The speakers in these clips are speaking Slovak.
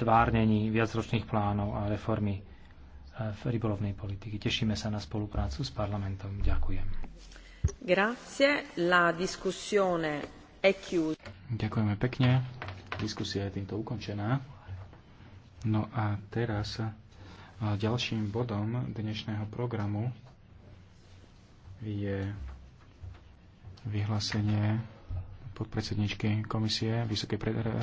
tvárnení viacročných plánov a reformy e, v rybolovnej politiky. Tešíme sa na spoluprácu s parlamentom. Ďakujem. Grazie. La discussione è chiusa. Ďakujeme pekne. Diskusia je týmto ukončená. No a teraz e, ďalším bodom dnešného programu je vyhlásenie podpredsedničky komisie Vysokej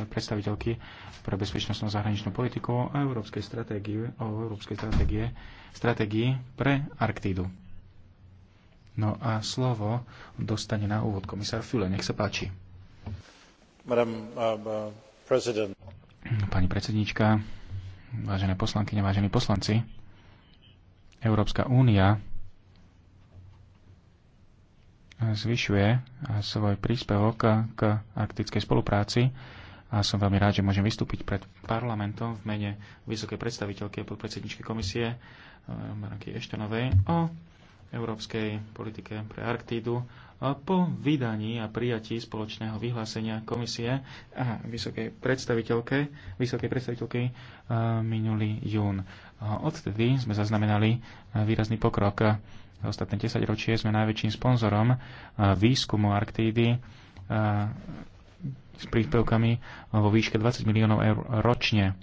predstaviteľky pre bezpečnostnú zahraničnú politiku a európskej stratégie, o európskej stratégie, stratégii pre Arktídu. No a slovo dostane na úvod komisár Füle. Nech sa páči. Madam, uh, uh, president. Pani predsednička, vážené poslankyne, vážení poslanci, Európska únia zvyšuje svoj príspevok k arktickej spolupráci a som veľmi rád, že môžem vystúpiť pred parlamentom v mene vysokej predstaviteľky a podpredsedničky komisie eh, Maranky eštonovej o európskej politike pre Arktídu po vydaní a prijatí spoločného vyhlásenia komisie a vysokej predstaviteľke, vysokej predstaviteľky eh, minulý jún. Odtedy sme zaznamenali eh, výrazný pokrok za ostatné 10 ročie sme najväčším sponzorom e, výskumu Arktídy e, s príspevkami vo výške 20 miliónov eur ročne.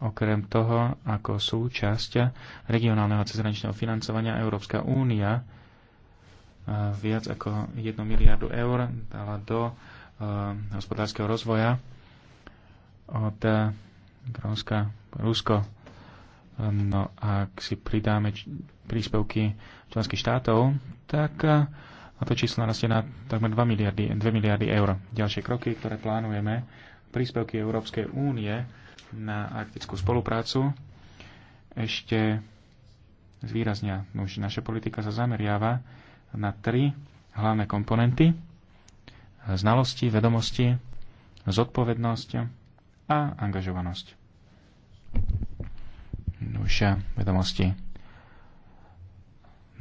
Okrem toho, ako súčasť regionálneho cezhraničného financovania Európska únia e, viac ako 1 miliardu eur dala do hospodárskeho rozvoja od Grónska Rusko. No ak si pridáme príspevky členských štátov, tak eh, a to číslo narastie na takmer 2 miliardy, 2 miliardy eur. Ďalšie kroky, ktoré plánujeme, príspevky Európskej únie na arktickú spoluprácu ešte zvýraznia. No už naša politika sa zameriava na tri hlavné komponenty. Znalosti, vedomosti, zodpovednosť a angažovanosť. Nošia vedomosti.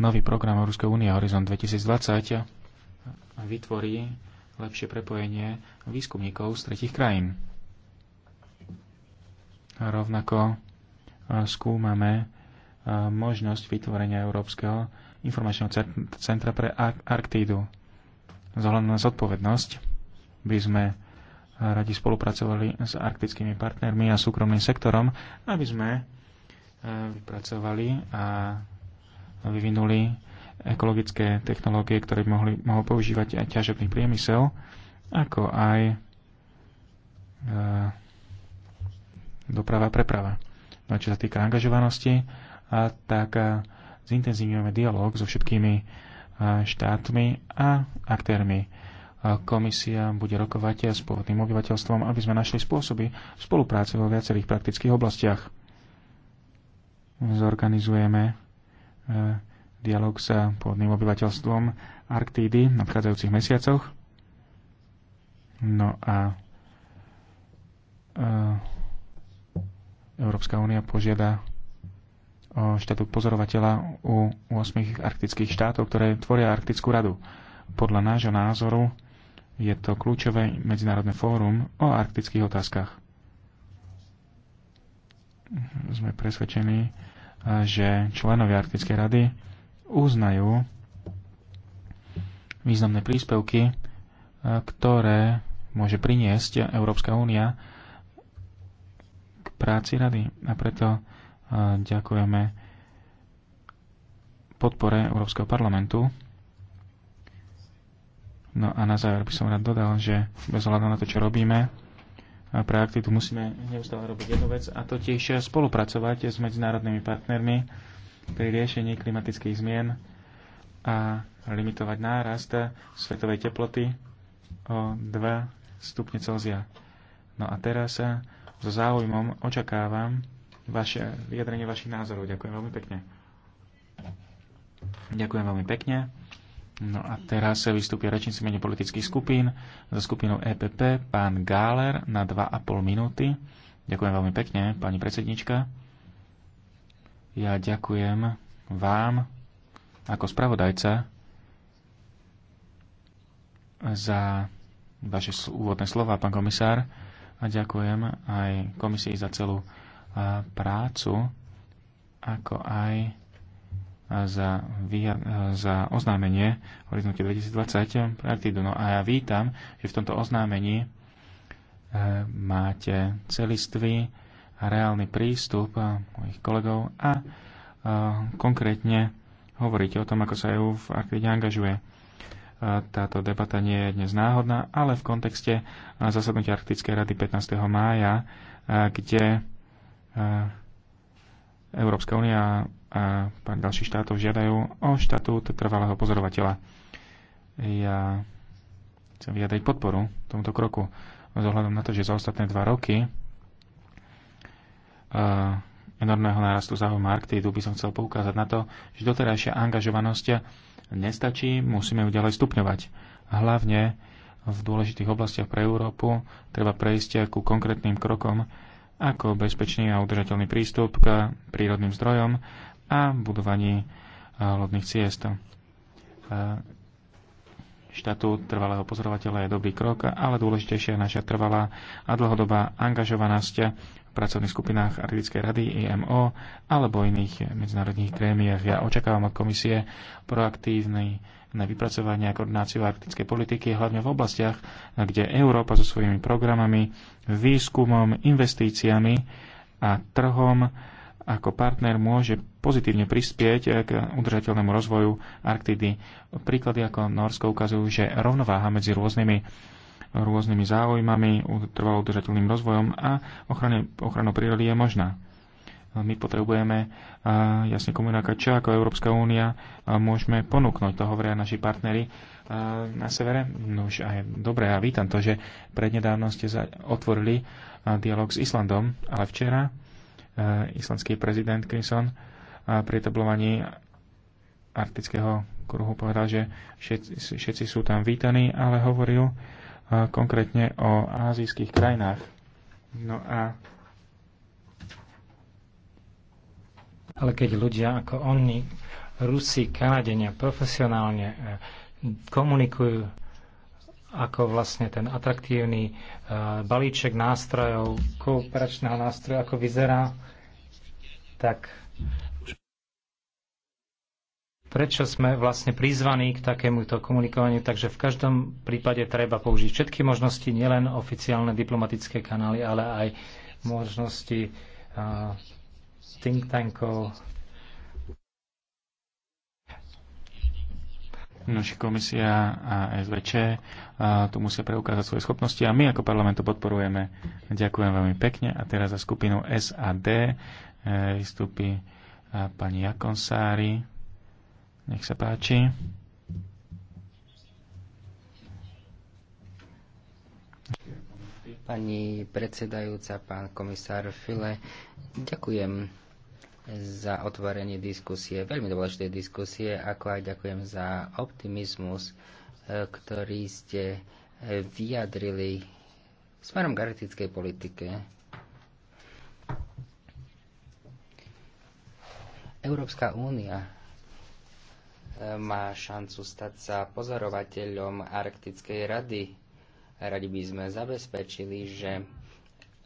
Nový program Európskej únie Horizon 2020 vytvorí lepšie prepojenie výskumníkov z tretich krajín. A rovnako eh, skúmame eh, možnosť vytvorenia Európskeho informačného centra pre Arktídu. Zohľadom na zodpovednosť by sme eh, radi spolupracovali s arktickými partnermi a súkromným sektorom, aby sme E, vypracovali a vyvinuli ekologické technológie, ktoré by mohli, mohol používať aj ťažobný priemysel, ako aj e, doprava preprava. No a čo sa týka angažovanosti, a tak a, e, zintenzívňujeme dialog so všetkými a, e, štátmi a aktérmi. A komisia bude rokovať s pôvodným obyvateľstvom, aby sme našli spôsoby spolupráce vo viacerých praktických oblastiach zorganizujeme e, dialog s pôvodným obyvateľstvom Arktídy v nadchádzajúcich mesiacoch. No a e, Európska únia požiada o štatút pozorovateľa u 8 arktických štátov, ktoré tvoria Arktickú radu. Podľa nášho názoru je to kľúčové medzinárodné fórum o arktických otázkach. Sme presvedčení, že členovia Arktickej rady uznajú významné príspevky, e, ktoré môže priniesť Európska únia k práci rady. A preto e, ďakujeme podpore Európskeho parlamentu. No a na záver by som rád dodal, že bez hľadu na to, čo robíme, projekty, tu musíme neustále robiť jednu vec a to tiež spolupracovať s medzinárodnými partnermi pri riešení klimatických zmien a limitovať nárast svetovej teploty o 2 stupne Celzia. No a teraz sa so záujmom očakávam vaše, vyjadrenie vašich názorov. Ďakujem veľmi pekne. Ďakujem veľmi pekne. No a teraz sa vystúpia rečníci menej politických skupín. Za skupinu EPP pán Gáler na 2,5 minúty. Ďakujem veľmi pekne, pani predsednička. Ja ďakujem vám ako spravodajca za vaše úvodné slova, pán komisár. A ďakujem aj komisii za celú prácu, ako aj za, za oznámenie Horizonte 2020 pre Arktídu. No a ja vítam, že v tomto oznámení e, máte celistvý a reálny prístup e, mojich kolegov a e, konkrétne hovoríte o tom, ako sa EU v Arktide angažuje. Táto debata nie je dnes náhodná, ale v kontexte zasadnutia Arktickej rady 15. mája, kde Európska únia a pár ďalších štátov žiadajú o štatút trvalého pozorovateľa. Ja chcem vyjadať podporu tomuto kroku s ohľadom na to, že za ostatné dva roky uh, enormného nárastu záujmu Arktídu by som chcel poukázať na to, že doterajšia angažovanosť nestačí, musíme ju ďalej stupňovať. Hlavne v dôležitých oblastiach pre Európu treba prejsť ku konkrétnym krokom, ako bezpečný a udržateľný prístup k prírodným zdrojom, a budovaní eh, lodných ciest. Eh, štatút trvalého pozorovateľa je dobrý krok, ale dôležitejšia je naša trvalá a dlhodobá angažovanosť v pracovných skupinách Arktickej rady IMO alebo iných medzinárodných krémiach Ja očakávam od komisie proaktívny na vypracovanie a koordináciu arktickej politiky, hlavne v oblastiach, kde Európa so svojimi programami, výskumom, investíciami a trhom ako partner môže pozitívne prispieť eh, k udržateľnému rozvoju Arktidy. Príklady ako Norsko ukazujú, že rovnováha medzi rôznymi rôznymi záujmami, trvalo udržateľným rozvojom a ochrane, ochranou prírody je možná. My potrebujeme eh, jasne komunikovať, čo ako Európska únia eh, môžeme ponúknuť. To hovoria naši partnery na severe. No už aj dobre, ja vítam to, že prednedávno ste otvorili dialog s Islandom, ale včera Eh, islandský prezident Clinton pri tablovaní arktického kruhu povedal, že všetci, všetci sú tam vítaní, ale hovoril eh, konkrétne o azijských krajinách. No a Ale keď ľudia ako oni, Rusi, Kanadenia profesionálne eh, komunikujú ako vlastne ten atraktívny e, balíček nástrojov, kooperačného nástroja, ako vyzerá, tak prečo sme vlastne prizvaní k takémuto komunikovaniu, takže v každom prípade treba použiť všetky možnosti, nielen oficiálne diplomatické kanály, ale aj možnosti e, think tankov, Naša komisia a SVČ a tu musia preukázať svoje schopnosti a my ako parlament to podporujeme. Ďakujem veľmi pekne a teraz za skupinu SAD e, vystúpi e, pani Jakonsári. Nech sa páči. Pani predsedajúca, pán komisár File, ďakujem za otvorenie diskusie, veľmi dôležité diskusie, ako aj ďakujem za optimizmus, e, ktorý ste e, vyjadrili smerom k artickej politike. Európska únia e, má šancu stať sa pozorovateľom Arktickej rady. Radi by sme zabezpečili, že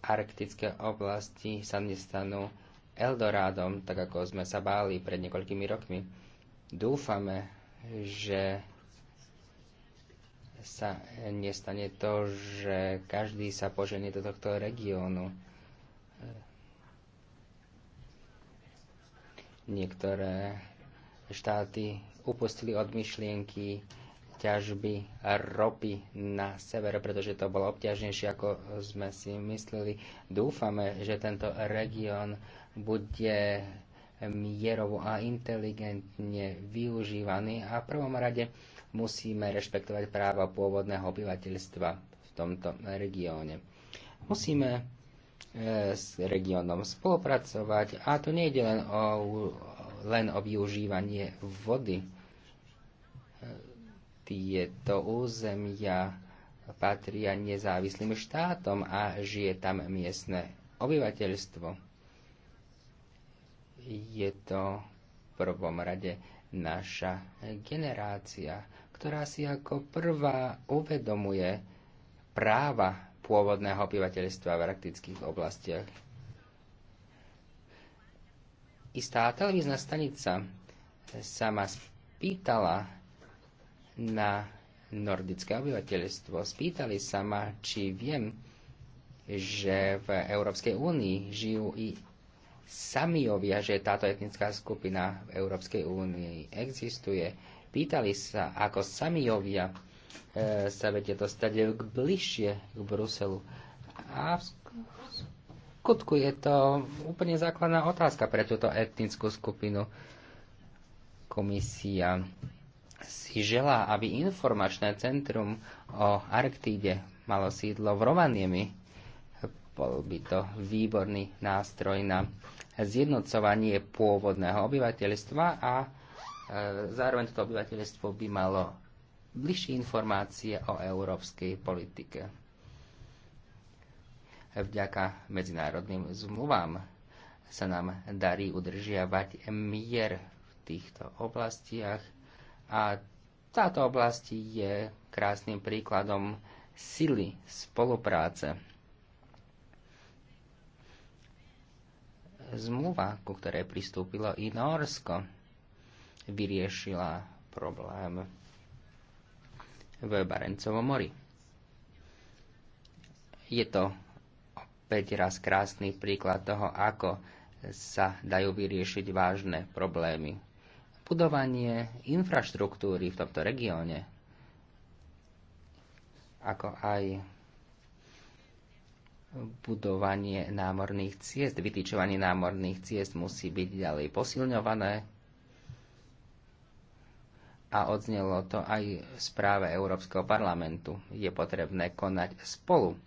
arktické oblasti sa nestanú Eldorádom, tak ako sme sa báli pred niekoľkými rokmi. Dúfame, že sa nestane to, že každý sa poženie do tohto regiónu. Niektoré štáty upustili od myšlienky ťažby ropy na sever, pretože to bolo obťažnejšie, ako sme si mysleli. Dúfame, že tento región bude mierovo a inteligentne využívaný a v prvom rade musíme rešpektovať práva pôvodného obyvateľstva v tomto regióne. Musíme e, s regiónom spolupracovať a tu je len o, len o využívanie vody. E, tieto územia patria nezávislým štátom a žije tam miestne obyvateľstvo je to v prvom rade naša generácia, ktorá si ako prvá uvedomuje práva pôvodného obyvateľstva v arktických oblastiach. Istá televízna stanica sa ma spýtala na nordické obyvateľstvo. Spýtali sa ma, či viem, že v Európskej únii žijú i sami ovia, že táto etnická skupina v Európskej únii existuje. Pýtali sa, ako sami ovia e, sa viete dostať k bližšie k Bruselu. A v skutku je to úplne základná otázka pre túto etnickú skupinu. Komisia si želá, aby informačné centrum o Arktíde malo sídlo v Rovaniemi. Bol by to výborný nástroj na zjednocovanie pôvodného obyvateľstva a e, zároveň toto obyvateľstvo by malo bližšie informácie o európskej politike. Vďaka medzinárodným zmluvám sa nám darí udržiavať mier v týchto oblastiach a táto oblasť je krásnym príkladom sily spolupráce zmluva, ku ktorej pristúpilo i Norsko, vyriešila problém v Barencovom mori. Je to opäť raz krásny príklad toho, ako sa dajú vyriešiť vážne problémy. Budovanie infraštruktúry v tomto regióne, ako aj budovanie námorných ciest, vytýčovanie námorných ciest musí byť ďalej posilňované. A odznelo to aj v správe Európskeho parlamentu. Je potrebné konať spolu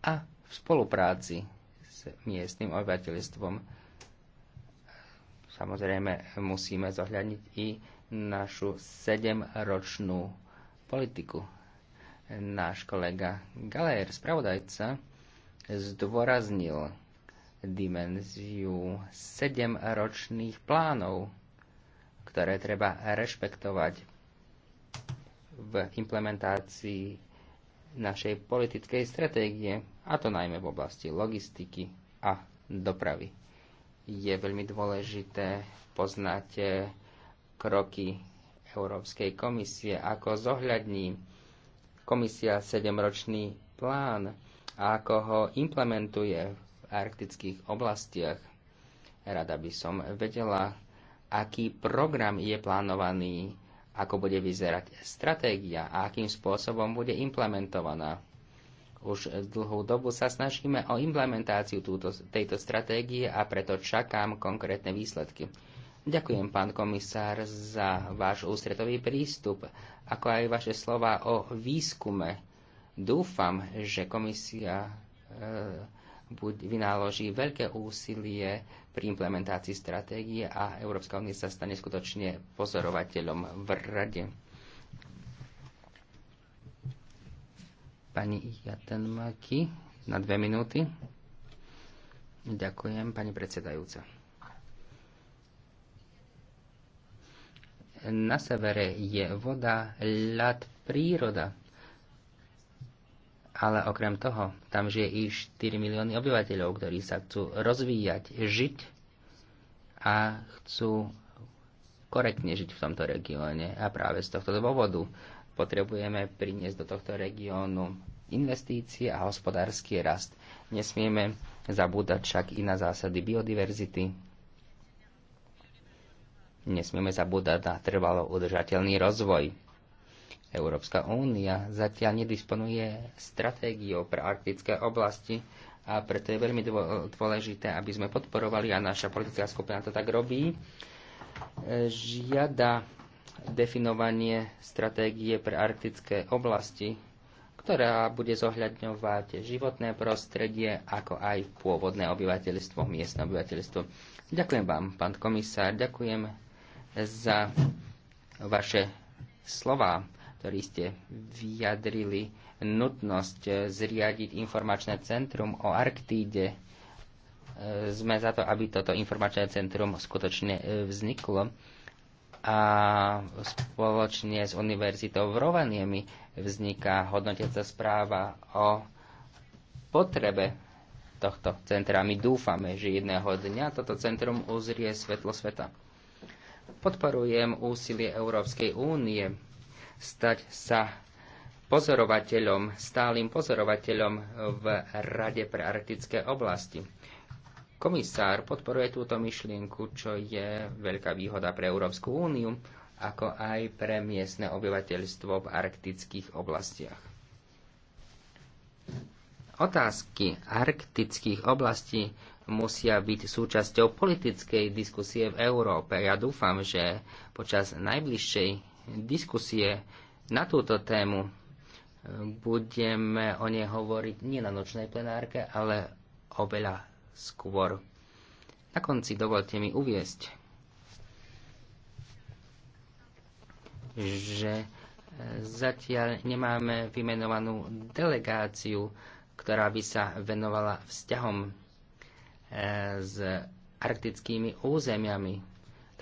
a v spolupráci s miestnym obyvateľstvom. Samozrejme, musíme zohľadniť i našu sedemročnú politiku. Náš kolega Galér, spravodajca, zdôraznil dimenziu sedemročných plánov, ktoré treba rešpektovať v implementácii našej politickej stratégie, a to najmä v oblasti logistiky a dopravy. Je veľmi dôležité poznať eh, kroky Európskej komisie, ako zohľadní komisia sedemročný plán a ako ho implementuje v arktických oblastiach. Rada by som vedela, aký program je plánovaný, ako bude vyzerať stratégia a akým spôsobom bude implementovaná. Už dlhú dobu sa snažíme o implementáciu túto, tejto stratégie a preto čakám konkrétne výsledky. Ďakujem, pán komisár, za váš ústretový prístup, ako aj vaše slova o výskume Dúfam, že komisia eh, vynáloží veľké úsilie pri implementácii stratégie a Európska únia sa stane skutočne pozorovateľom v rade. Pani Jatenmaki na dve minúty. Ďakujem, pani predsedajúca. Na severe je voda, ľad, príroda ale okrem toho tam žije i 4 milióny obyvateľov, ktorí sa chcú rozvíjať, žiť a chcú korektne žiť v tomto regióne a práve z tohto dôvodu potrebujeme priniesť do tohto regiónu investície a hospodársky rast. Nesmieme zabúdať však i na zásady biodiverzity. Nesmieme zabúdať na trvalo udržateľný rozvoj Európska únia zatiaľ nedisponuje stratégiou pre arktické oblasti a preto je veľmi dôležité, aby sme podporovali a naša politická skupina to tak robí. E, žiada definovanie stratégie pre arktické oblasti, ktorá bude zohľadňovať životné prostredie, ako aj pôvodné obyvateľstvo, miestne obyvateľstvo. Ďakujem vám, pán komisár, ďakujem za vaše slova ktorý ste vyjadrili nutnosť eh, zriadiť informačné centrum o Arktíde. Eh, sme za to, aby toto informačné centrum skutočne eh, vzniklo a spoločne s Univerzitou v Rovaniemi vzniká hodnotiaca správa o potrebe tohto centra. My dúfame, že jedného dňa toto centrum uzrie svetlo sveta. Podporujem úsilie Európskej únie stať sa pozorovateľom, stálym pozorovateľom v Rade pre arktické oblasti. Komisár podporuje túto myšlienku, čo je veľká výhoda pre Európsku úniu, ako aj pre miestne obyvateľstvo v arktických oblastiach. Otázky arktických oblastí musia byť súčasťou politickej diskusie v Európe. Ja dúfam, že počas najbližšej diskusie na túto tému. Budeme o nej hovoriť nie na nočnej plenárke, ale oveľa skôr. Na konci dovolte mi uviesť, že e, zatiaľ nemáme vymenovanú delegáciu, ktorá by sa venovala vzťahom e, s arktickými územiami.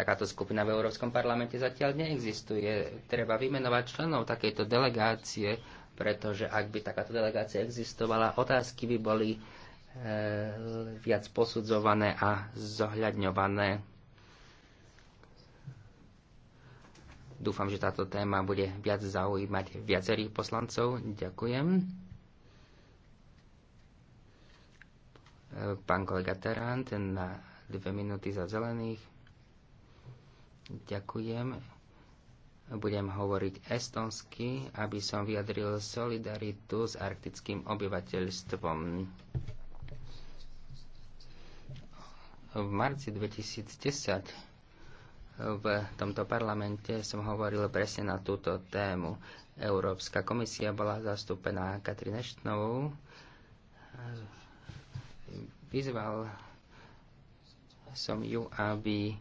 Takáto skupina v Európskom parlamente zatiaľ neexistuje. Treba vymenovať členov takejto delegácie, pretože ak by takáto delegácia existovala, otázky by boli e, viac posudzované a zohľadňované. Dúfam, že táto téma bude viac zaujímať viacerých poslancov. Ďakujem. E, pán kolega Terán, ten na dve minúty za zelených. Ďakujem. Budem hovoriť estonsky, aby som vyjadril solidaritu s arktickým obyvateľstvom. V marci 2010 v tomto parlamente som hovoril presne na túto tému. Európska komisia bola zastúpená Katrin Eštnovou. Vyzval som ju, aby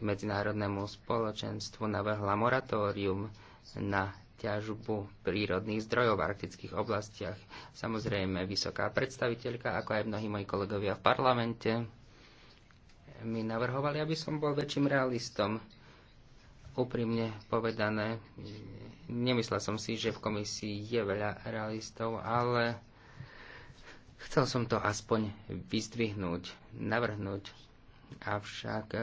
medzinárodnému spoločenstvu navrhla moratórium na ťažbu prírodných zdrojov v arktických oblastiach. Samozrejme, vysoká predstaviteľka, ako aj mnohí moji kolegovia v parlamente, mi navrhovali, aby som bol väčším realistom. Úprimne povedané, nemyslel som si, že v komisii je veľa realistov, ale chcel som to aspoň vyzdvihnúť, navrhnúť. Avšak e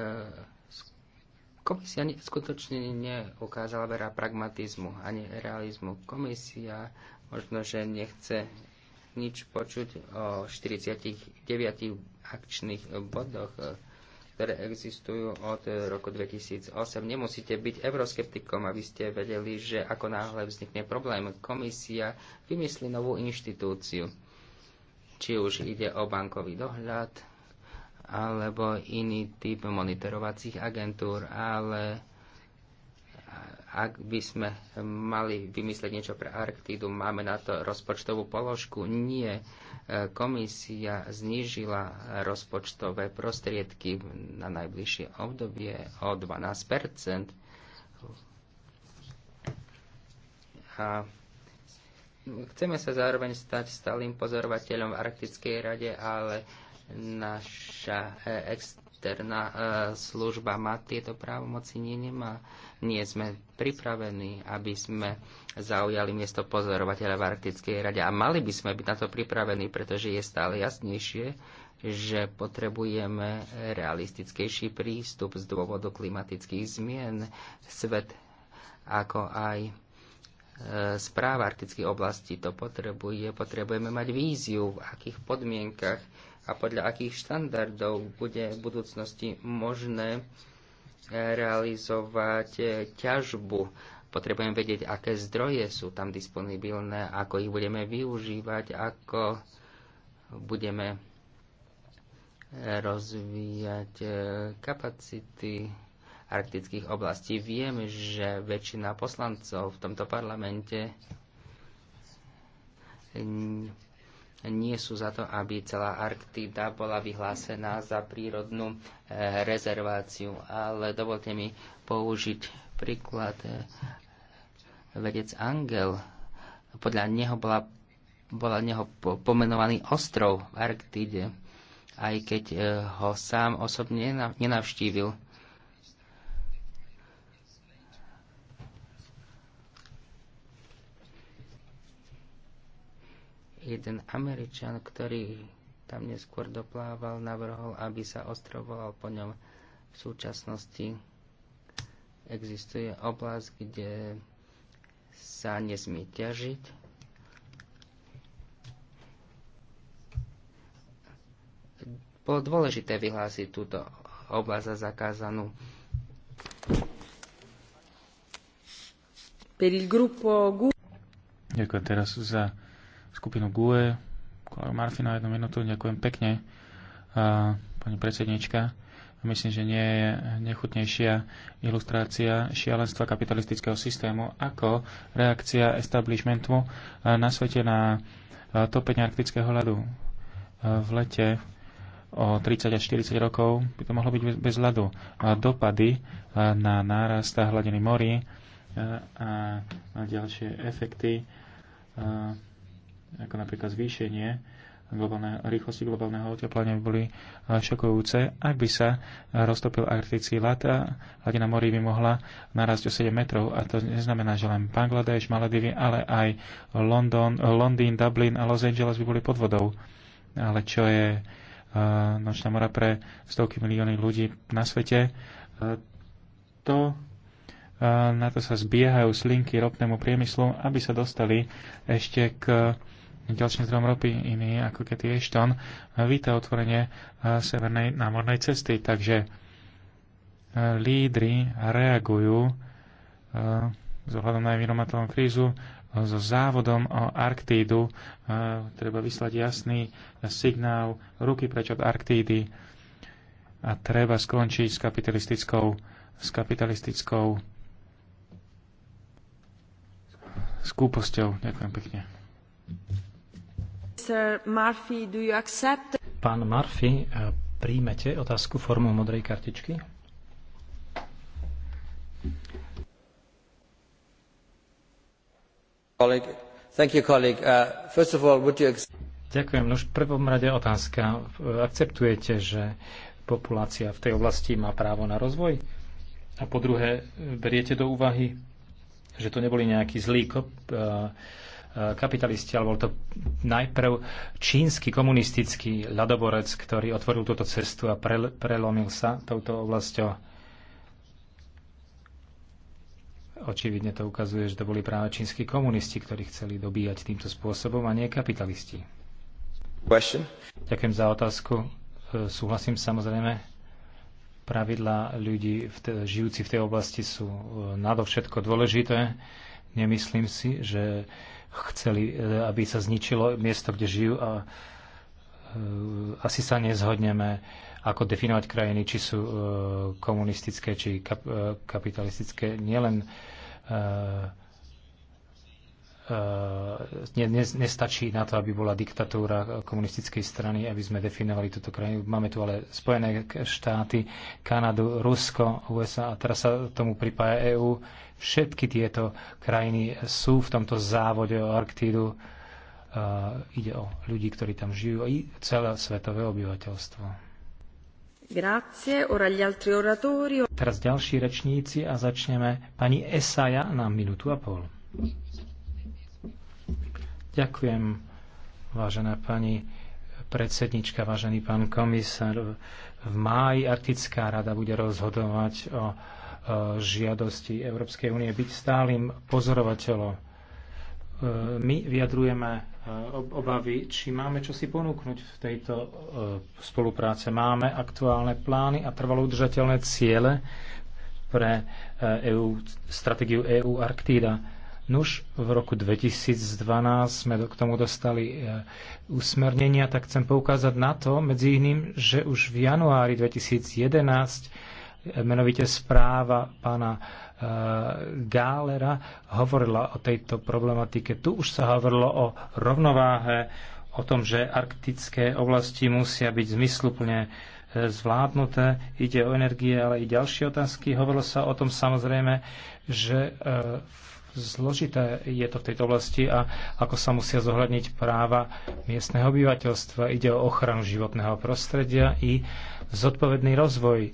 Komisia skutočne neukázala veľa pragmatizmu ani realizmu. Komisia možno, že nechce nič počuť o 49 akčných bodoch, eh, ktoré existujú od roku 2008. Nemusíte byť euroskeptikom, aby ste vedeli, že ako náhle vznikne problém, komisia vymyslí novú inštitúciu. Či už ide o bankový dohľad, alebo iný typ monitorovacích agentúr, ale ak by sme mali vymyslieť niečo pre Arktídu, máme na to rozpočtovú položku. Nie, komisia znížila rozpočtové prostriedky na najbližšie obdobie o 12 A chceme sa zároveň stať stálym pozorovateľom v Arktickej rade, ale Naša e, externá e, služba má tieto právomoci, nie nemá. Nie sme pripravení, aby sme zaujali miesto pozorovateľa v Arktickej rade. A mali by sme byť na to pripravení, pretože je stále jasnejšie, že potrebujeme realistickejší prístup z dôvodu klimatických zmien. Svet ako aj e, správa arktických oblastí to potrebuje. Potrebujeme mať víziu, v akých podmienkach a podľa akých štandardov bude v budúcnosti možné eh, realizovať eh, ťažbu. Potrebujem vedieť, aké zdroje sú tam disponibilné, ako ich budeme využívať, ako budeme eh, rozvíjať kapacity arktických oblastí. Viem, že väčšina poslancov v tomto parlamente nie sú za to, aby celá Arktída bola vyhlásená za prírodnú eh, rezerváciu. Ale dovolte mi použiť príklad eh, vedec Angel. Podľa neho bola, bola neho pomenovaný ostrov v Arktíde, aj keď eh, ho sám osobne nenavštívil. jeden Američan, ktorý tam neskôr doplával, navrhol, aby sa ostrov volal po ňom. V súčasnosti existuje oblasť, kde sa nesmie ťažiť. Bolo dôležité vyhlásiť túto oblasť za zakázanú. Ďakujem teraz za skupinu GUE, Klaru Marfina, jednu minútu, ďakujem pekne, a, pani predsednička. Myslím, že nie je nechutnejšia ilustrácia šialenstva kapitalistického systému ako reakcia establishmentu na svete na topenie arktického ľadu. V lete o 30 až 40 rokov by to mohlo byť bez, ľadu. dopady na nárast hladiny morí a na ďalšie efekty ako napríklad zvýšenie globálne, rýchlosti globálneho oteplania by boli eh, šokujúce. Ak by sa roztopil arktický ľad, hladina morí by mohla narásť o 7 metrov. A to neznamená, že len Bangladeš, Maledivy, ale aj London, Londýn, Dublin a Los Angeles by boli pod vodou. Ale čo je eh, nočná mora pre stovky milióny ľudí na svete, eh, to na to sa zbiehajú slinky ropnému priemyslu, aby sa dostali ešte k ďalším zdrojom ropy iný ako je ešton. víta otvorenie eh, Severnej námornej cesty. Takže eh, lídry reagujú z eh, ohľadom na environmentálnu krízu so závodom o Arktídu. Treba vyslať jasný signál ruky preč od Arktídy a treba skončiť s kapitalistickou, s kapitalistickou skúposťou. Ďakujem pekne. Pán Murphy, eh, príjmete otázku formou modrej kartičky? Uh, Ďakujem. No v prvom rade otázka. Akceptujete, že populácia v tej oblasti má právo na rozvoj? A po druhé, beriete do úvahy, že to neboli nejaký zlí kop, uh, kapitalisti, ale bol to najprv čínsky komunistický ľadoborec, ktorý otvoril túto cestu a pre, prelomil sa touto oblasťou. Očividne to ukazuje, že to boli práve čínsky komunisti, ktorí chceli dobíjať týmto spôsobom a nie kapitalisti. Question. Ďakujem za otázku. E, súhlasím samozrejme. Pravidla ľudí v te, žijúci v tej oblasti sú e, nadovšetko dôležité. Nemyslím si, že uh, chceli, e, aby sa zničilo miesto, kde žijú a e, asi sa nezhodneme, ako definovať krajiny, či sú e, komunistické, či kapitalistické. Nielen Eh, ne, ne, nestačí na to, aby bola diktatúra komunistickej strany, aby sme definovali túto krajinu. Máme tu ale Spojené štáty, Kanadu, Rusko, USA a teraz sa tomu pripája EÚ. Všetky tieto krajiny sú v tomto závode o Arktídu. Uh, ide o ľudí, ktorí tam žijú i celé svetové obyvateľstvo. Grazie, ora gli altri oratori. Teraz ďalší rečníci a začneme pani Esaja na minútu a pol. Ďakujem, vážená pani predsednička, vážený pán komisár. V máji Arktická rada bude rozhodovať o žiadosti Európskej únie byť stálym pozorovateľom. E, my vyjadrujeme e, obavy, či máme čo si ponúknuť v tejto e, spolupráce. Máme aktuálne plány a trvalo udržateľné ciele pre EU, stratégiu EU Arktída Nuž, v roku 2012 sme k tomu dostali e, usmernenia, tak chcem poukázať na to, medzi iným, že už v januári 2011 e, menovite správa pána e, Gálera hovorila o tejto problematike. Tu už sa hovorilo o rovnováhe, o tom, že arktické oblasti musia byť zmysluplne zvládnuté. Ide o energie, ale i ďalšie otázky. Hovorilo sa o tom samozrejme, že v Zložité je to v tejto oblasti a ako sa musia zohľadniť práva miestneho obyvateľstva. Ide o ochranu životného prostredia i zodpovedný rozvoj. E,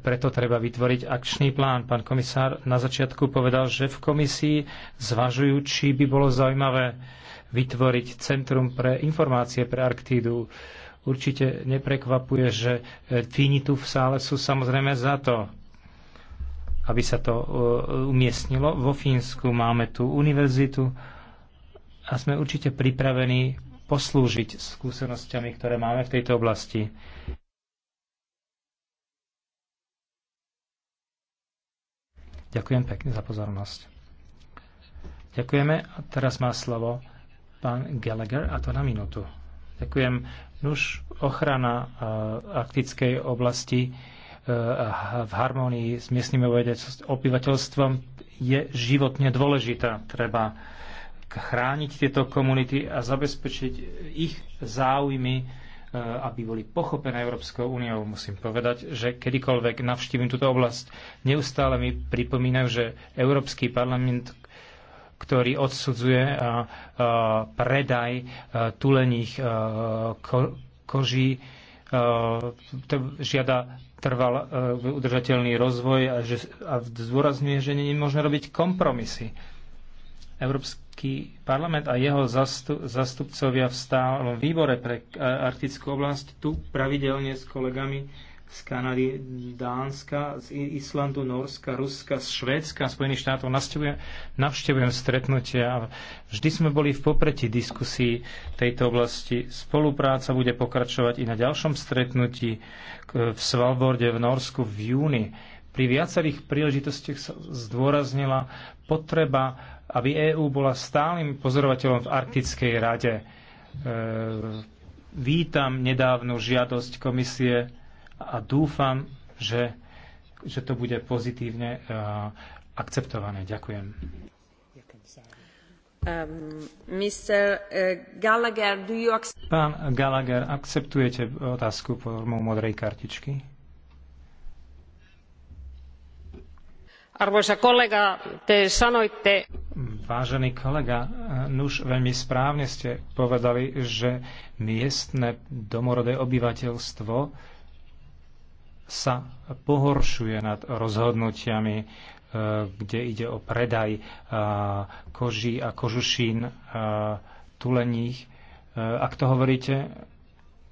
preto treba vytvoriť akčný plán. Pán komisár na začiatku povedal, že v komisii zvažujú, či by bolo zaujímavé vytvoriť Centrum pre informácie pre Arktídu. Určite neprekvapuje, že e, Fíni tu v sále sú samozrejme za to aby sa to e, umiestnilo. Vo Fínsku máme tú univerzitu a sme určite pripravení poslúžiť skúsenosťami, ktoré máme v tejto oblasti. Ďakujem pekne za pozornosť. Ďakujeme. A teraz má slovo pán Gallagher a to na minútu. Ďakujem. Nuž ochrana e, arktickej oblasti Eh, v harmónii s miestnym obyvateľstvom je životne dôležitá. Treba chrániť tieto komunity a zabezpečiť ich záujmy, eh, aby boli pochopené Európskou úniou. Musím povedať, že kedykoľvek navštívim túto oblasť, neustále mi pripomínajú, že Európsky parlament ktorý odsudzuje eh, predaj tulených koží, Eh, žiada trval eh, udržateľný rozvoj a, že, a zdôrazňuje, že nie je možné robiť kompromisy. Európsky parlament a jeho zastup, zastupcovia v stálom výbore pre eh, arktickú oblasť tu pravidelne s kolegami z Kanady, Dánska, z Islandu, Norska, Ruska, z Švédska a Spojených štátov navštevujem, navštevujem stretnutia a vždy sme boli v popretí diskusí tejto oblasti. Spolupráca bude pokračovať i na ďalšom stretnutí e, v Svalborde v Norsku v júni. Pri viacerých príležitostiach sa zdôraznila potreba, aby EÚ bola stálym pozorovateľom v Arktickej rade. E, vítam nedávnu žiadosť komisie a dúfam, že, že to bude pozitívne eh, akceptované. Ďakujem. Um, Mr. Eh, Gallagher, do you accept... Pán Gallagher, akceptujete otázku formou modrej kartičky? Arvoisa kollega, te sanoitte... Vážený kolega, eh, nuž veľmi správne ste povedali, že miestne domorodé obyvateľstvo sa pohoršuje nad rozhodnutiami, e, kde ide o predaj e, koží a kožušín e, tuleních. Ak to hovoríte,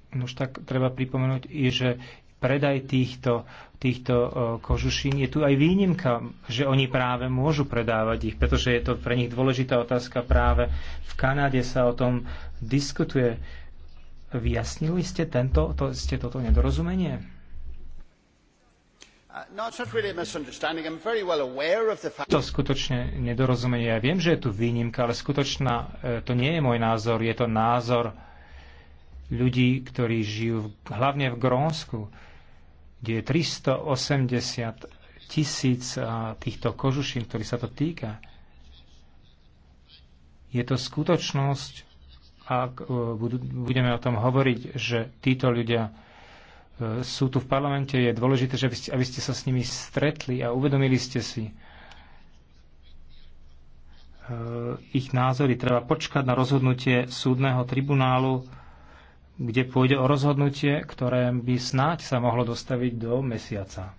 už tak treba pripomenúť i, že predaj týchto, týchto kožušín je tu aj výnimka, že oni práve môžu predávať ich, pretože je to pre nich dôležitá otázka. Práve v Kanade sa o tom diskutuje. Vyjasnili ste, tento, to, ste toto nedorozumenie? Uh, no, to skutočne nedorozumenie. Ja viem, že je tu výnimka, ale skutočná, uh, to nie je môj názor, je to názor ľudí, ktorí žijú v, hlavne v Grónsku, kde je 380 tisíc uh, týchto kožušín, ktorí sa to týka. Je to skutočnosť, ak budeme o tom hovoriť, že títo ľudia sú tu v parlamente, je dôležité, že aby ste, aby ste sa s nimi stretli a uvedomili ste si eh, ich názory. Treba počkať na rozhodnutie súdneho tribunálu, kde pôjde o rozhodnutie, ktoré by snáď sa mohlo dostaviť do mesiaca.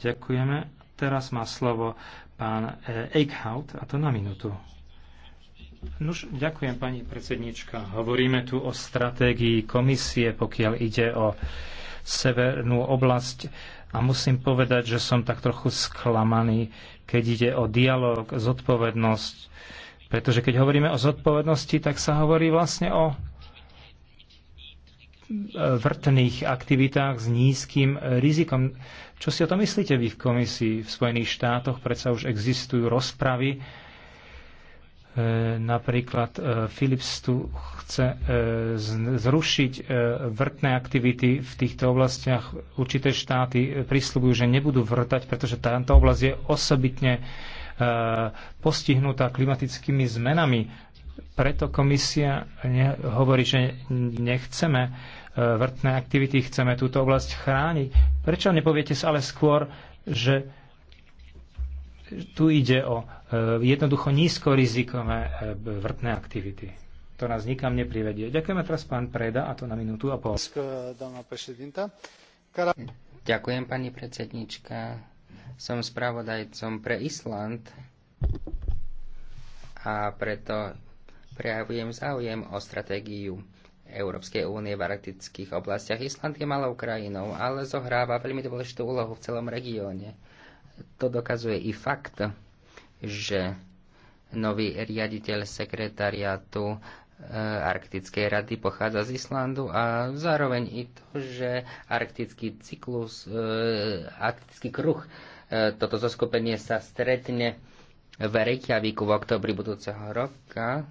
Ďakujeme. Teraz má slovo pán eh, Eichhout, a to na minútu. Nuž, ďakujem, pani predsednička. Hovoríme tu o stratégii komisie, pokiaľ ide o severnú oblasť. A musím povedať, že som tak trochu sklamaný, keď ide o dialog, zodpovednosť. Pretože keď hovoríme o zodpovednosti, tak sa hovorí vlastne o vrtných aktivitách s nízkym rizikom. Čo si o to myslíte vy v komisii? V Spojených štátoch predsa už existujú rozpravy E, napríklad e, Philips tu chce e, zrušiť vrtné aktivity v týchto oblastiach. Určité štáty prislúbujú, že nebudú vrtať, pretože táto oblasť je osobitne postihnutá klimatickými zmenami. Preto komisia hovorí, že nechceme vrtné aktivity, chceme túto oblasť chrániť. Prečo nepoviete sa ale skôr, že tu ide o e, jednoducho nízkorizikové e, vrtné aktivity. To nás nikam neprivedie. Ďakujeme teraz pán Preda a to na minútu a pol. Ďakujem pani predsednička. Som spravodajcom pre Island a preto prejavujem záujem o stratégiu Európskej únie v arktických oblastiach. Island je malou krajinou, ale zohráva veľmi dôležitú úlohu v celom regióne. To dokazuje i fakt, že nový riaditeľ sekretariátu e, Arktickej rady pochádza z Islandu a zároveň i to, že arktický cyklus, e, arktický kruh, e, toto zoskupenie sa stretne v Reykjavíku v oktobri budúceho roka.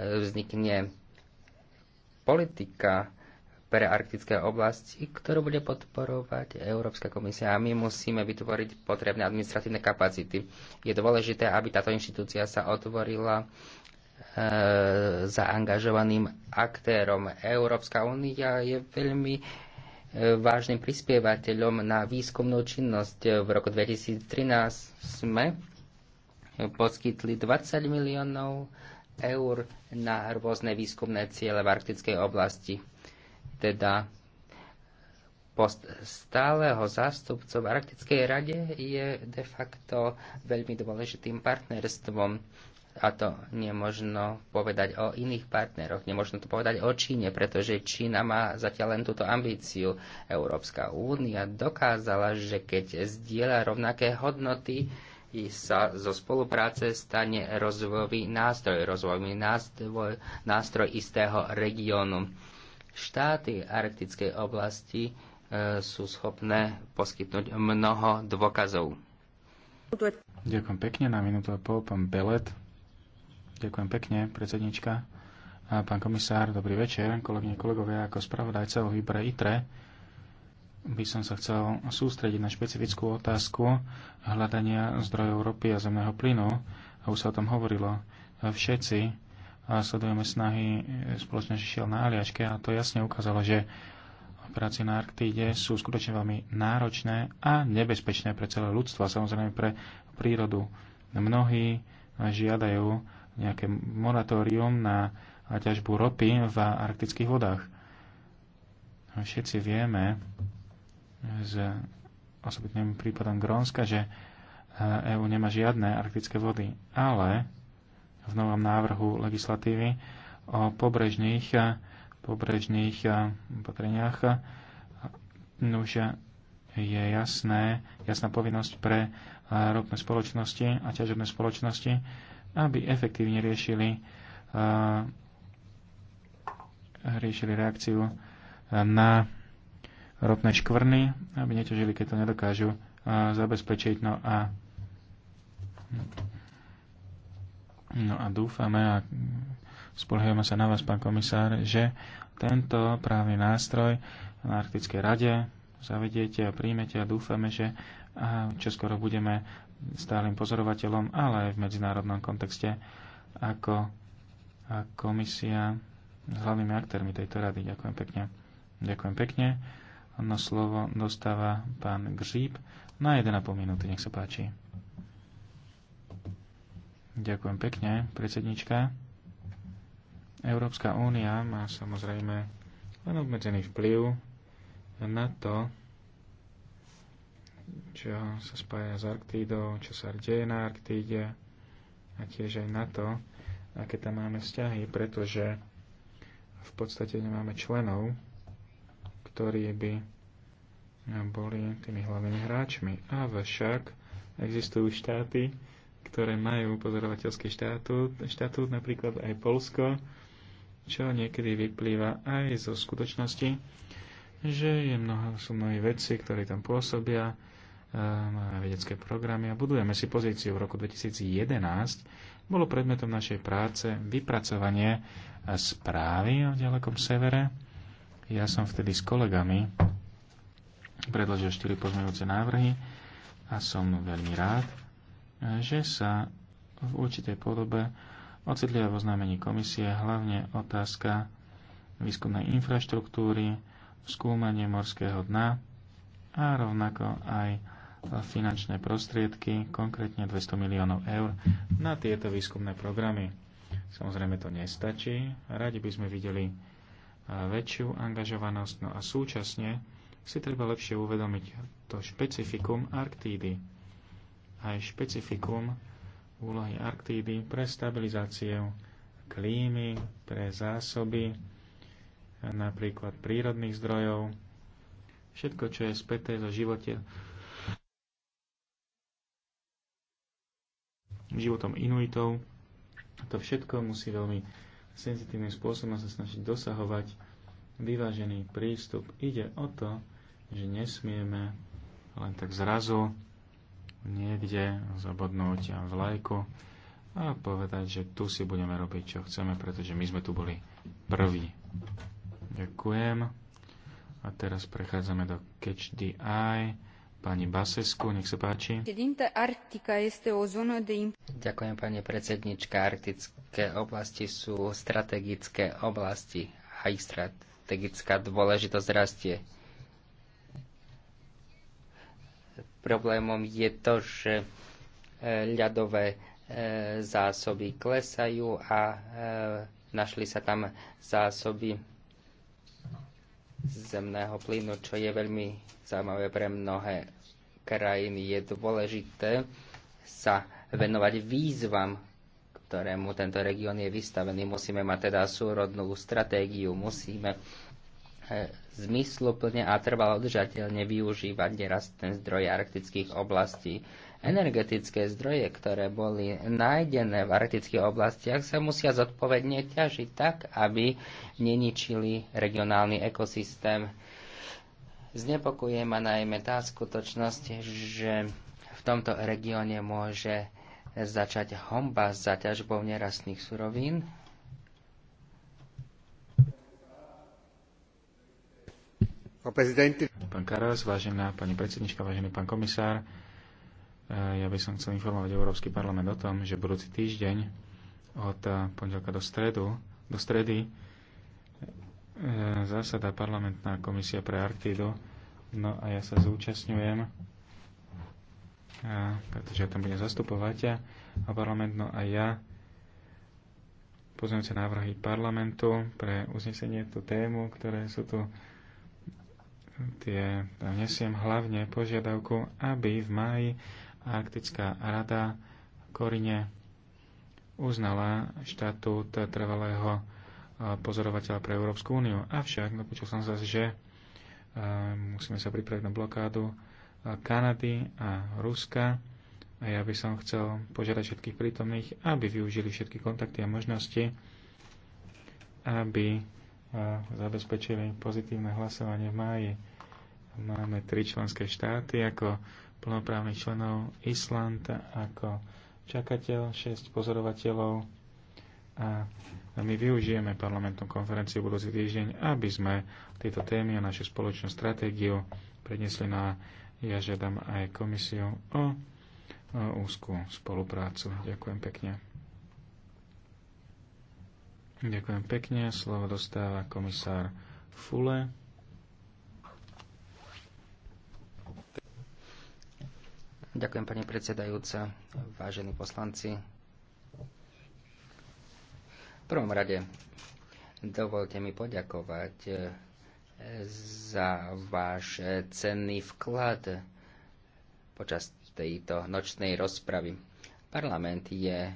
Vznikne politika pre arktické oblasti, ktorú bude podporovať Európska komisia a my musíme vytvoriť potrebné administratívne kapacity. Je dôležité, aby táto inštitúcia sa otvorila e, zaangažovaným aktérom. Európska únia je veľmi e, vážnym prispievateľom na výskumnú činnosť. V roku 2013 sme poskytli 20 miliónov eur na rôzne výskumné ciele v arktickej oblasti teda post stáleho zástupcu v Arktickej rade je de facto veľmi dôležitým partnerstvom. A to nemožno povedať o iných partneroch, nemožno to povedať o Číne, pretože Čína má zatiaľ len túto ambíciu. Európska únia dokázala, že keď zdieľa rovnaké hodnoty, i sa zo spolupráce stane rozvojový nástroj, rozvojový nástroj, nástroj istého regiónu Štáty arktickej oblasti e, sú schopné poskytnúť mnoho dôkazov. Ďakujem pekne na minútu a pol, pán Belet. Ďakujem pekne, predsednička. A pán komisár, dobrý večer, kolegyne, kolegovia. Ako spravodajca o výbore ITRE by som sa chcel sústrediť na špecifickú otázku hľadania zdrojov ropy a zemného plynu. A už sa o tom hovorilo. Všetci a sledujeme snahy e, spoločne šiel na Aliačke a to jasne ukázalo, že operácie na Arktíde sú skutočne veľmi náročné a nebezpečné pre celé ľudstvo a samozrejme pre prírodu. Mnohí e, žiadajú nejaké moratórium na ťažbu ropy v arktických vodách. Všetci vieme z osobitným prípadom Grónska, že EÚ e nemá žiadne arktické vody, ale v novom návrhu legislatívy o pobrežných, pobrežných eh, opatreniach. Nuž je jasné, jasná povinnosť pre eh, ropné spoločnosti a ťažobné spoločnosti, aby efektívne riešili, eh, riešili reakciu na ropné škvrny, aby neťažili, keď to nedokážu zabezpečiť. No a No a dúfame a spoliehame sa na vás, pán komisár, že tento právny nástroj na Arktickej rade zavediete a príjmete a dúfame, že čoskoro budeme stálym pozorovateľom, ale aj v medzinárodnom kontexte ako komisia s hlavnými aktérmi tejto rady. Ďakujem pekne. Ďakujem pekne. No slovo dostáva pán Gříb na 1,5 minúty. Nech sa páči. Ďakujem pekne, predsednička. Európska únia má samozrejme len obmedzený vplyv na to, čo sa spája s Arktídou, čo sa deje na Arktíde a tiež aj na to, aké tam máme vzťahy, pretože v podstate nemáme členov, ktorí by boli tými hlavnými hráčmi. Avšak existujú štáty, ktoré majú pozorovateľský štatút, štatút napríklad aj Polsko, čo niekedy vyplýva aj zo skutočnosti, že je mnoho, sú mnohé veci, ktoré tam pôsobia, máme vedecké programy a budujeme si pozíciu. V roku 2011 bolo predmetom našej práce vypracovanie správy o ďalekom severe. Ja som vtedy s kolegami predložil 4 pozmejúce návrhy a som veľmi rád, že sa v určitej podobe ocitli vo znamení komisie hlavne otázka výskumnej infraštruktúry, skúmanie morského dna a rovnako aj finančné prostriedky, konkrétne 200 miliónov eur na tieto výskumné programy. Samozrejme to nestačí, radi by sme videli e, väčšiu angažovanosť, no a súčasne si treba lepšie uvedomiť to špecifikum Arktídy aj špecifikum úlohy Arktídy pre stabilizáciu klímy, pre zásoby, napríklad prírodných zdrojov, všetko, čo je späté so živote, životom inuitov, to všetko musí veľmi senzitívnym spôsobom sa snažiť dosahovať vyvážený prístup. Ide o to, že nesmieme len tak zrazu niekde zabodnúť vlajku a povedať, že tu si budeme robiť, čo chceme, pretože my sme tu boli prví. Ďakujem. A teraz prechádzame do Catch the Eye. Pani Basescu, nech sa páči. Ďakujem, pani predsednička. Arktické oblasti sú strategické oblasti a ich strategická dôležitosť rastie Problémom je to, že e, ľadové e, zásoby klesajú a e, našli sa tam zásoby zemného plynu, čo je veľmi zaujímavé pre mnohé krajiny. Je dôležité sa venovať výzvam, ktorému tento región je vystavený. Musíme mať teda súrodnú stratégiu, musíme E, zmysluplne a trvalo udržateľne využívať ten zdroje arktických oblastí. Energetické zdroje, ktoré boli nájdené v arktických oblastiach, sa musia zodpovedne ťažiť tak, aby neničili regionálny ekosystém. Znepokuje ma najmä tá skutočnosť, že v tomto regióne môže začať homba s zaťažbou nerastných surovín, Pán Karas, vážená pani predsednička, vážený pán komisár, e, ja by som chcel informovať Európsky parlament o tom, že budúci týždeň od e, pondelka do, stredu, do stredy e, zásada parlamentná komisia pre Arktídu. No a ja sa zúčastňujem, pretože ja tam budem zastupovať a parlament, no a ja sa návrhy parlamentu pre uznesenie tú tému, ktoré sú tu tie nesiem hlavne požiadavku, aby v máji Arktická rada Korine uznala štatút trvalého e, pozorovateľa pre Európsku úniu. Avšak dopočul som sa, že e, musíme sa pripraviť na blokádu e, Kanady a Ruska. A ja by som chcel požiadať všetkých prítomných, aby využili všetky kontakty a možnosti, aby zabezpečili pozitívne hlasovanie v máji. Máme tri členské štáty ako plnoprávnych členov, Island ako čakateľ, 6 pozorovateľov a my využijeme parlamentnú konferenciu budúci týždeň, aby sme tieto témy a našu spoločnú stratégiu prednesli na ja žiadam aj komisiu o, o úzkú spoluprácu. Ďakujem pekne. Ďakujem pekne. Slovo dostáva komisár Fule. Ďakujem pani predsedajúca, vážení poslanci. V prvom rade dovolte mi poďakovať e, za váš cenný vklad počas tejto nočnej rozpravy. Parlament je e,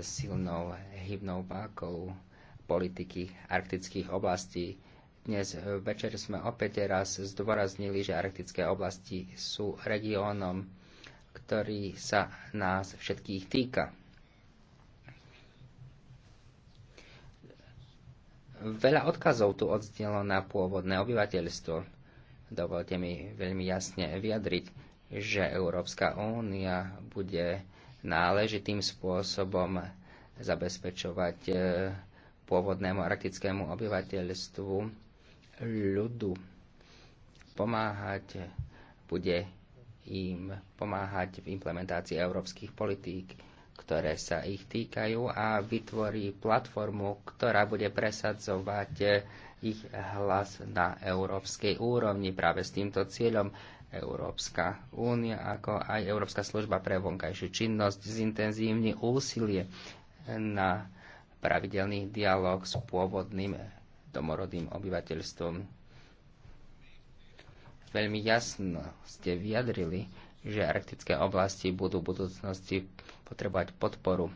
silnou hybnou pákou politiky arktických oblastí dnes e, večer sme opäť raz zdôraznili, že arktické oblasti sú regiónom, ktorý sa nás všetkých týka. Veľa odkazov tu odznelo na pôvodné obyvateľstvo. Dovolte mi veľmi jasne vyjadriť, že Európska únia bude náležitým spôsobom zabezpečovať e, pôvodnému arktickému obyvateľstvu ľudu. Pomáhať bude im pomáhať v implementácii európskych politík, ktoré sa ich týkajú a vytvorí platformu, ktorá bude presadzovať ich hlas na európskej úrovni. Práve s týmto cieľom Európska únia, ako aj Európska služba pre vonkajšiu činnosť zintenzívne úsilie na pravidelný dialog s pôvodným domorodým obyvateľstvom. Veľmi jasno ste vyjadrili, že arktické oblasti budú v budúcnosti potrebovať podporu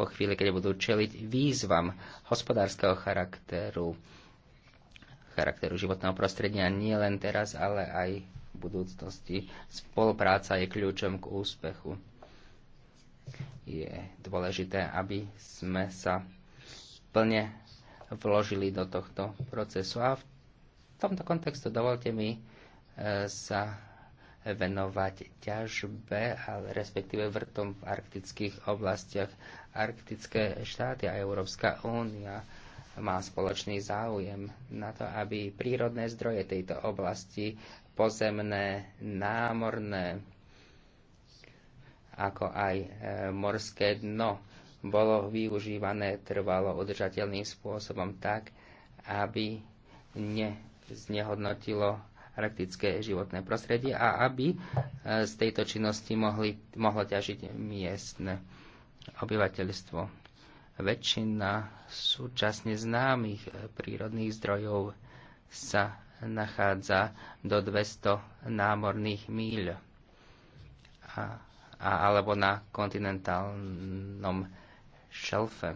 po chvíli, keď budú čeliť výzvam hospodárskeho charakteru, charakteru životného prostredia nie len teraz, ale aj v budúcnosti. Spolupráca je kľúčom k úspechu. Je dôležité, aby sme sa plne vložili do tohto procesu. A v tomto kontextu dovolte mi e, sa venovať ťažbe, ale respektíve vrtom v arktických oblastiach. Arktické štáty a Európska únia má spoločný záujem na to, aby prírodné zdroje tejto oblasti, pozemné, námorné, ako aj e, morské dno, bolo využívané trvalo udržateľným spôsobom tak, aby neznehodnotilo arktické životné prostredie a aby e, z tejto činnosti mohli, mohlo ťažiť miestne obyvateľstvo. Väčšina súčasne známych prírodných zdrojov sa nachádza do 200 námorných míľ a, a, alebo na kontinentálnom šelfe.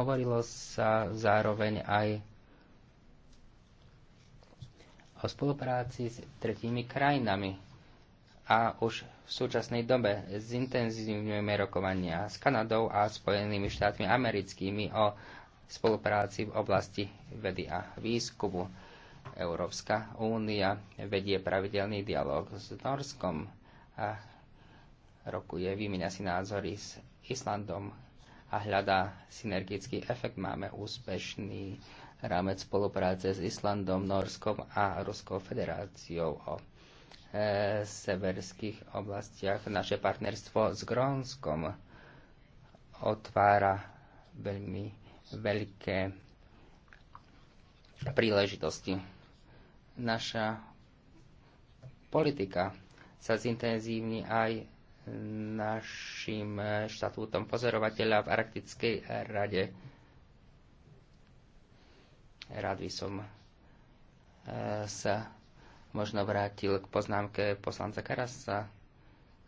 Hovorilo sa zároveň aj o spolupráci s tretími krajinami a už v súčasnej dobe zintenzívňujeme rokovania s Kanadou a Spojenými štátmi americkými o spolupráci v oblasti vedy a výskumu Európska únia vedie pravidelný dialog s Norskom a rokuje, vymenia si názory s Islandom a hľadá synergický efekt. Máme úspešný rámec spolupráce s Islandom, Norskom a Ruskou federáciou o e, severských oblastiach. Naše partnerstvo s Grónskom otvára veľmi veľké príležitosti naša politika sa zintenzívni aj našim štatútom pozorovateľa v Arktickej rade. Rád by som e, sa možno vrátil k poznámke poslanca Karasa.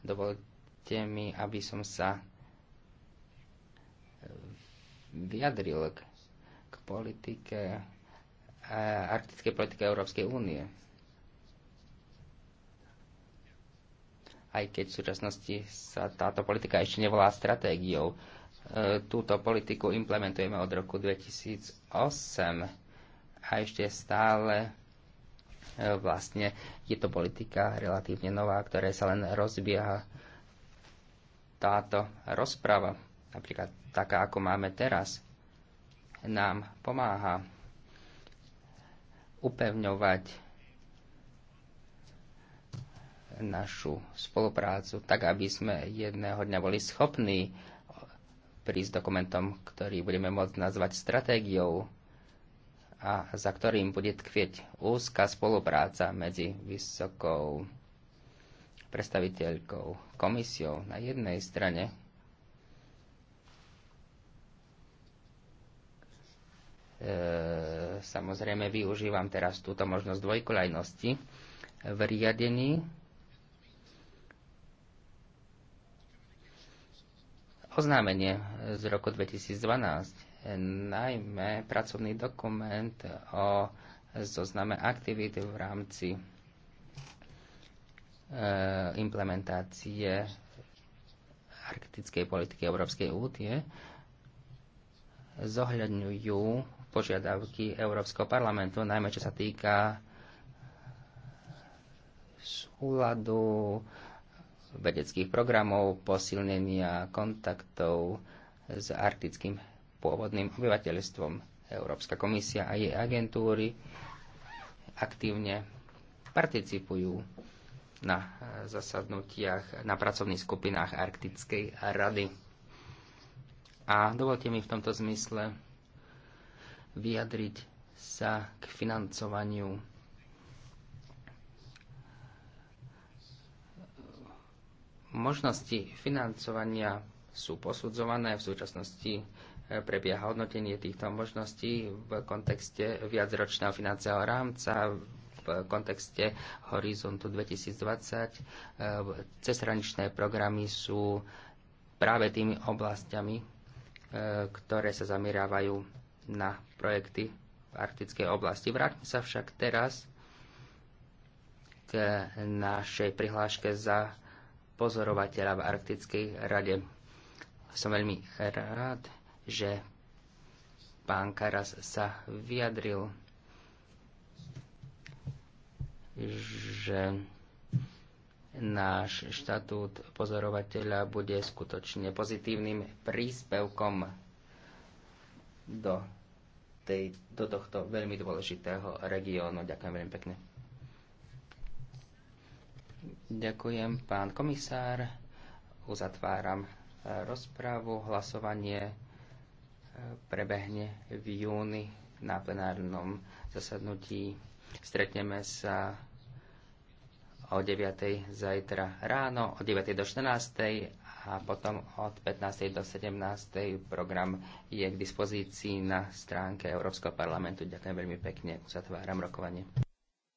Dovolte mi, aby som sa vyjadril k, k politike arktickej politike Európskej únie. Aj keď v súčasnosti sa táto politika ešte nevolá stratégiou, e, túto politiku implementujeme od roku 2008 a ešte stále e, vlastne je to politika relatívne nová, ktorá sa len rozbieha táto rozprava, napríklad taká, ako máme teraz, nám pomáha upevňovať našu spoluprácu, tak aby sme jedného dňa boli schopní prísť dokumentom, ktorý budeme môcť nazvať stratégiou a za ktorým bude tkvieť úzka spolupráca medzi vysokou predstaviteľkou komisiou na jednej strane E, samozrejme využívam teraz túto možnosť dvojkolajnosti v riadení. Oznámenie z roku 2012, najmä pracovný dokument o zozname aktivít v rámci e, implementácie arktickej politiky Európskej únie zohľadňujú požiadavky Európskeho parlamentu, najmä čo sa týka súladu vedeckých programov, posilnenia kontaktov s arktickým pôvodným obyvateľstvom. Európska komisia a jej agentúry aktívne participujú na zasadnutiach, na pracovných skupinách Arktickej rady. A dovolte mi v tomto zmysle vyjadriť sa k financovaniu Možnosti financovania sú posudzované. V súčasnosti eh, prebieha hodnotenie týchto možností v kontexte viacročného finančného rámca, v kontexte Horizontu 2020. Eh, cezhraničné programy sú práve tými oblastiami, eh, ktoré sa zamierávajú na projekty v arktickej oblasti. Vráťme sa však teraz k našej prihláške za pozorovateľa v Arktickej rade. Som veľmi rád, že pán Karas sa vyjadril, že náš štatút pozorovateľa bude skutočne pozitívnym príspevkom do tej, do tohto veľmi dôležitého regiónu. Ďakujem veľmi pekne. Ďakujem, pán komisár. Uzatváram eh, rozprávu. Hlasovanie eh, prebehne v júni na plenárnom zasadnutí. Stretneme sa o 9. zajtra ráno, od 9. do 14 a potom od 15. do 17. program je k dispozícii na stránke Európskeho parlamentu. Ďakujem veľmi pekne. Uzatváram rokovanie.